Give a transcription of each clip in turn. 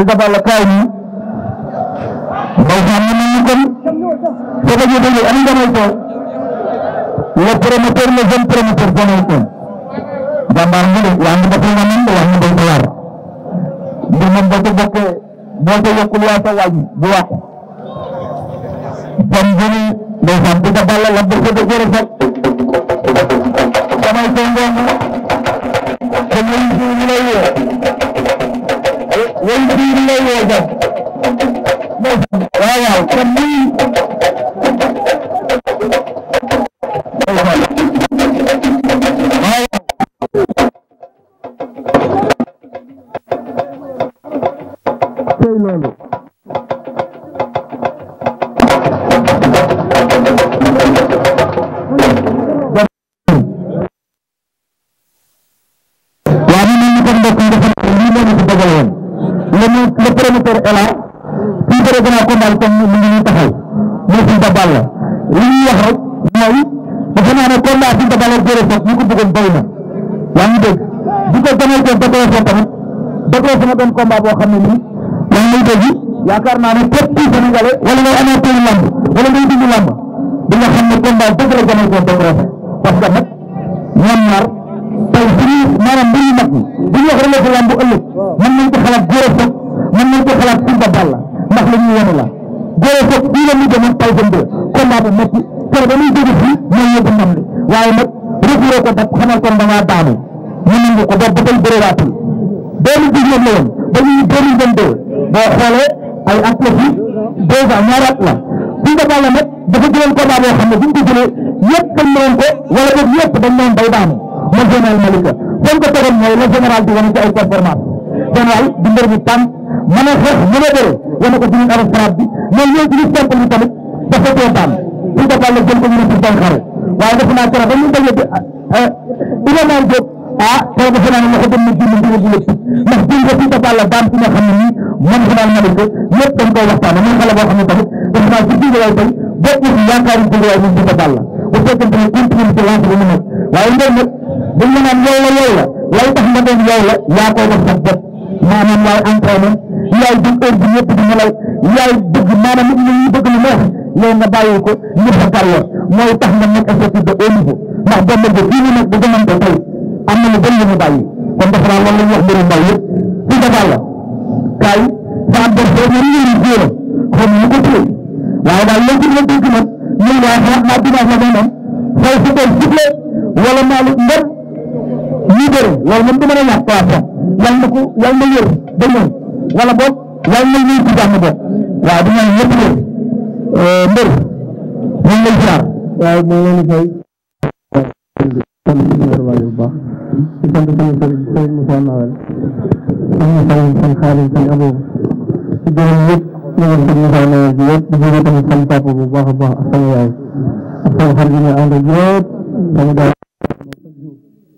Sëñ Balla kaay bi Mbaye am nañu kon soo ko jëlee am nga may tool le promoteur le jeune promoteur boo may tool jàmbaar mu ne yaa ngi bokkul na mën yaa ngi doy na waar mbir moom boo ko bokkee boo ko yokkul yaa sa waaj bu wàq kon jëli ndeysaan Sëñ Balla la bu ko defee rek damay toog ngoon ko ñu lay woo wani biyu ne wajen wawa kalli Thank you. bi ñu taxaw mooy Fils de Balla li ñuy wax rek mooy defe naa ne combat Fils de Balla Gora Sock ñu ko bëggoon béy na yaa ngi dégg bu ko demee jëm Gora Sock tamit Gora Sock doon combat boo xam ne nii yaa ngi dégg yaakaar naa ne képp kuy Sénégalais wala ngay amee teel lamb wala ngay dindi lamb di xam ne combat dëgg la demee jëm Gora Sock parce que nag ñoom ñaar tey suñuy maanaam mbir yu mag yi bu ñu wax rek la lamb ëllëg mën nañ ko xalaat Gora ndax la góor foog bii la ñu demoon tay jëm de combat bu métti te ba muy jóge fii mooy yóbbu ndam li waaye nag refuree ko dab xamal kon da ngaa daanu ñu nangu ko ba ba tey bëriwaatul deux mille dix neuf la woon ba ñuy deux mille vingt deux boo xoolee ay at la fi deux ans ñaari at la bu nga bàlla nag dafa jëloon combat boo xam ne bu ñu ko jëlee yëpp dañ noon ko wala boog yëpp dañ noon bay daanu ma général Malika foog nga tegoon mooy la général di wane ci ay performance général di mbër mi tànn mën a xeex mën a bëre wala ko dinañ am xalaat bi mais ñoom ci biir simple bi tamit dafa kontaan pour que Balla jël ko ñu ci seen xare waaye defe naa keroog ba ñu dajee bi ila naan ah, jóg ah keroog defe naa ne loxo dem na jënd dina dina ci ndax dégg nga pour que Balla daam ci nga xam ne nii man xanaa malik ko ñëpp dañ koy waxtaane man xale boo xam ne tamit defe naa ci biir waay tey boo ut yaakaaru biir waay ñu dina Balla bu fekkente ne continué ci lance bi mu nekk waaye ngeen nag buñ la naan yow la yow la lay tax nga doon yow la yaa koy def sa bopp maanaam yaay entraîné yaay bëgg heure bi yëpp di nelaw yaay bëgg maanaam nit ñi bëgg lu neex yow nga bàyyi ko ñëpp a carrière mooy tax nga nekk sportif de haut niveau ndax doom nañ ko fii ñu nekk bu jëmante tey am na lu bëri lu ñu bàyyi kon defe naa loolu la ñuy wax mbiru ndaw yëpp fi nga bàlla kaay sa adversaire ñoom ñëri jéera xam ñu ko téye waaye daal léegi la dégg nag ñun waaye xalaat naa dinaa la moom say sa doon sifflé wala Malick Ngom ñu bëri loolu moom du mën a ñàkk waa sax yàlla na ko yàlla na yër ba ñëw wala boog yàlla nañ ñuy ci jàmm boog waaw di ñaan ñëpp ñëpp euh, mbër ñu ngi lay jaar waaw moo leen fay sant bu baax di sant sama sëriñ sëriñ Moussa Nawel am na sama sëriñ xaalis sëriñ Abou di gërëm ñëpp ñu ngi sëriñ Moussa Nawel bi yëpp di gërëm tamit sama papa bu baax a baax ak sama yaay ak sama xarit yi ñu ànd ak yëpp sama gaa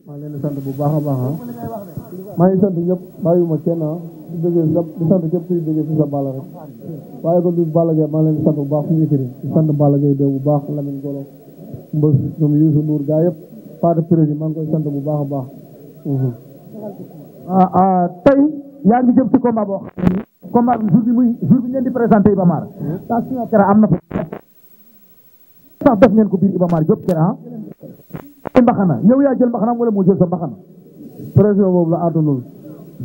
maa leen di sant bu baax a baax ah. maa ngi sant ñëpp bàyyiwuma kenn ah. bëggee sa di sant képp kuy bëggee si sa Balla rek waaye kon du Balla Gaye maa leen sant bu baax suñu écrit di sant Balla Gaye bu baax Lamine Golo mbës ñoom Youssou Ndour gaa yëpp parti président maa ngi koy sant bu baax a baax ah ah tey yaa ngi jëm ci combat boo xam ne combat bi jour bi muy jour bi ngeen di présenté Iba Mar ta sina kera am na fa sax def ngeen ko biir Iba Mar Diop kera mbaxana ñëw yaa jël mbaxanaam wala moo jël sa mbaxana pression boobu la àddunul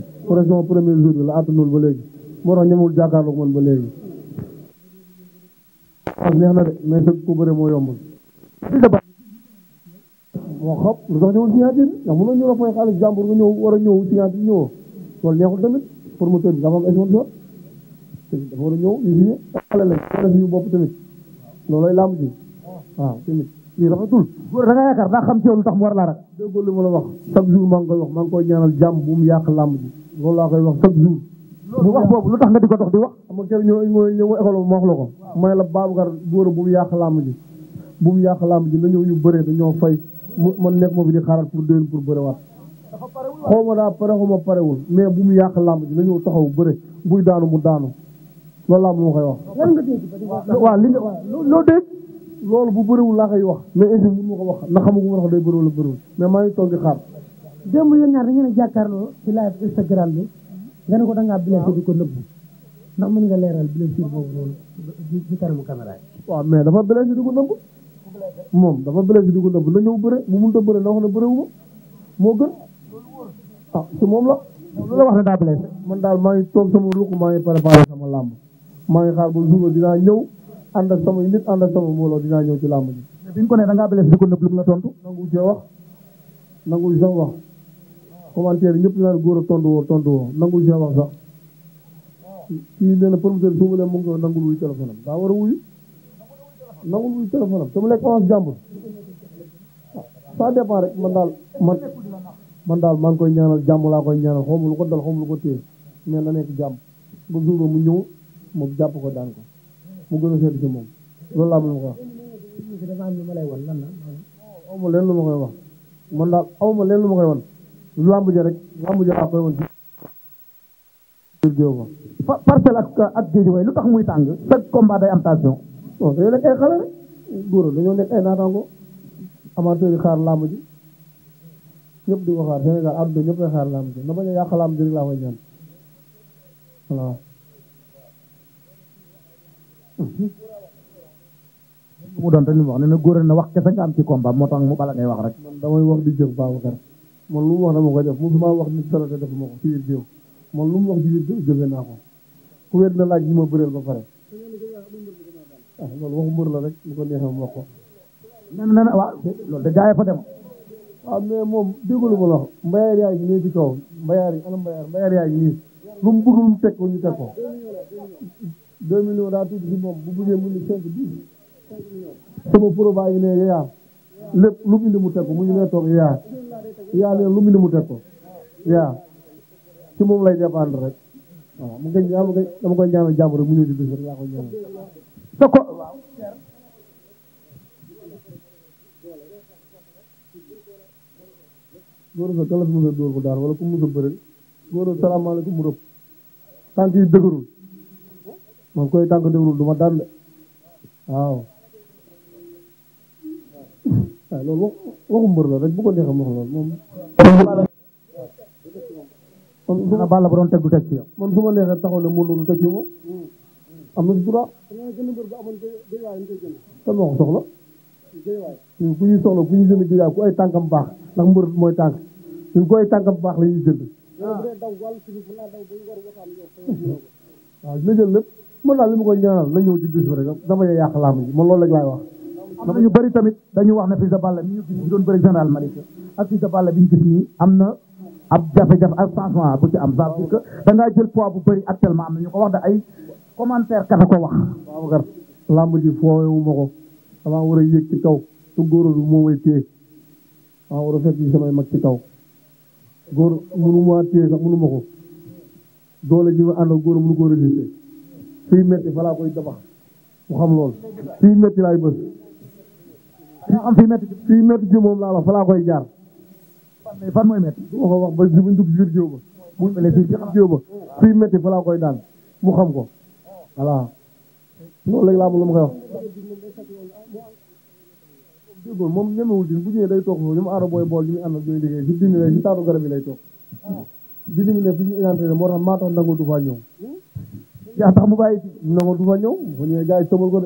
pression premier jour bi la attanul ba léegi moo tax ñemewul jàkkaarloo man ba léegi. neex na de mais sëg ku bëre moo yombul. moo xam lu tax ñëwul signature ndax mënoo ñëw a fay xaalis jàmbur nga ñëw war a ñëw signature ñëwoo loolu neexul tamit promoteur bi dafa am sponsor dafa war a ñëw ñu tamit loolooy làmb ji waaw tamit kii rafetul góor da nga yaakaar daa xam ci yow lu tax mu war laa rak déggoo li ma la wax chaque jour maa ngi koy wax maa ngi koy ñaanal jàmm bu mu yàq làmb ji loolu laa koy wax chaque jour bu wax boobu lu tax nga di ko dox di wax ama kër ñoo ñoo ñëw école ma wax la ko may la Babacar góor bu mu yàq làmb ji bu mu yàq làmb ji na ñëw ñu bëree dañoo fay man nekk moo fi di xaaral pour déwén pour bëre waat xaw ma daa pare xaw ma parewul mais bu mu yàq làmb ji na ñëw taxaw bëre buy daanu mu daanu loolu laa ma koy wax waaw li nga loo dégg loolu bu bëriwul laa koy wax mais incha allah mun ma ko wax na xamagu ma wax day bëriwul ak bëriwul mais maa ngi toog di xaar. démb yéen ñaar a jàkkaarloo ci live Instagram bi ne ko di ko nëbbu ndax mën nga leeral blessure boobu noonu ci kanamu caméra yi. waaw mais dafa ko nëbbu moom dafa blessé di ko nëbbu na ñëw bëre bu mënut a bëre na wax ne bëriwuma moo gën ah ci moom la. la wax daa blessé man daal maa ngi toog sama ruq maa ngi préparé sama làmb maa ngi xaar ba suba dinaa ñëw. ànd ak sama nit ànd ak sama mbooloo dinaa ñëw ci làmb ji. mais bële si ko nëbb lu mu la wax nangu sax wax commentaire yi ñëpp ñu góor a tontu woo tontu sax kii na promoteur bi ma rek man daal man man daal maa ngi koy ñaanal jàmm laa koy ñaanal xaw lu ko dal xaw ma lu ko téye mais na nekk jàmm ba jour mu ñëw moom jàpp ko daan ko mu gën a sedd ci moom loolu laa mën a ko wax. aw ma leen lu ma koy wax man daal aw ma leen lu ma koy wan làmb ja rek làmb ja laa koy wan lu tax muy tàng chaque combat day am tension. bon dañoo nekk ay xale rek góor dañoo nekk ay naataango amateur yi xaar làmb ji ñëpp di ko xaar Sénégal àdduna ñëpp xaar làmb ji na bañ a yàq làmb ji rek laa koy ñaan waaw. mu doon tamit wax ne na góor na wax kese nga am ci combat moo tax mu bala ngay wax rek. man damay wax di jëf Babacar man lu mu wax dama ko def mu ma wax nit ko lu mu wax naa ko ku wér laaj bi ma bëreel ba pare. ah loolu waxu mbër la rek mu ko neexee mu wax ko. nee na waaw loolu de jaayee fa dem. waaw ah, mais moom déglu ma la wax mbayaar yaa ngi nii ci yi ana mbayaar mbayaar yaa ngi lu mu bëgg teg ko ñu teg ko. deux millions daa tuuti si moom bu buggee mu ni cinq dix sama pro baa ngi ne yaa lépp lu mu indi mu teg ko mu ngi ne toog yaa yaa ne lu mu indi mu teg ko yaa ci moom lay dépendre rek waaw mu ngi ñaan dama mu ñëw ci bis rek yaa koy ñaanal góor sa kala fi a dóor ko daal wala mu rëb tànk yi moom koy tànk déglu du ma daan de waaw waaye loolu waxu mbër la rek bu ko neexee wax loolu moom man su Balla ba doon teg du teg ci yow man su ma neexee taxaw ne Modou Lo du teg ci moom am na si droit kan moo ko soxla ku ñuy soxla ku ñuy jënd géejaay ku ay tànkam baax ndax mbër mooy tànk ñun ku ay tànkam baax la ñuy jënd ah. waaw dina jël lépp mën naa li ma koy ñaanal na ñëw ci bis bi rek dama yee yàq làmb loolu laay wax. am na ñu bari tamit dañu wax ne Fils de Balla mi ñu gis doon bëri général Malika ak Fils de bi ñu nii am na ab jafe-jafe ak changement bu ci am. ça veut dire jël poids bu bëri actuellement am na ñu ko wax da ay commentaire kata ko wax. waaw kat làmb ji foowewu ma ko damaa war a yéeg ci kaw te góor bi moo may téye damaa war a fekk samay mag ci kaw góor mënu ma téye sax mënu ko doole ji ma ànd ak góor mënu ko résister. fii métti fa koy tabax mu xam loolu fii métti laay bës am fii métti fii métti ci laa wax fa koy jaar fan mooy métti ma ko wax ba si buñ dugg biir jiw ba buñ koy daan mu xam ko voilà loolu léegi laa koy wax déggoo moom ñemewul din bu day toog ñu mu aara booy bool ñu mu ànd ñooy liggéey si dindi lay si taatu garab yi lay toog hmm. dindi mi ne fi ñu identité moo tax maa tax nangu du faa ñëw yaa tax mu bàyyi si non du fa ñëw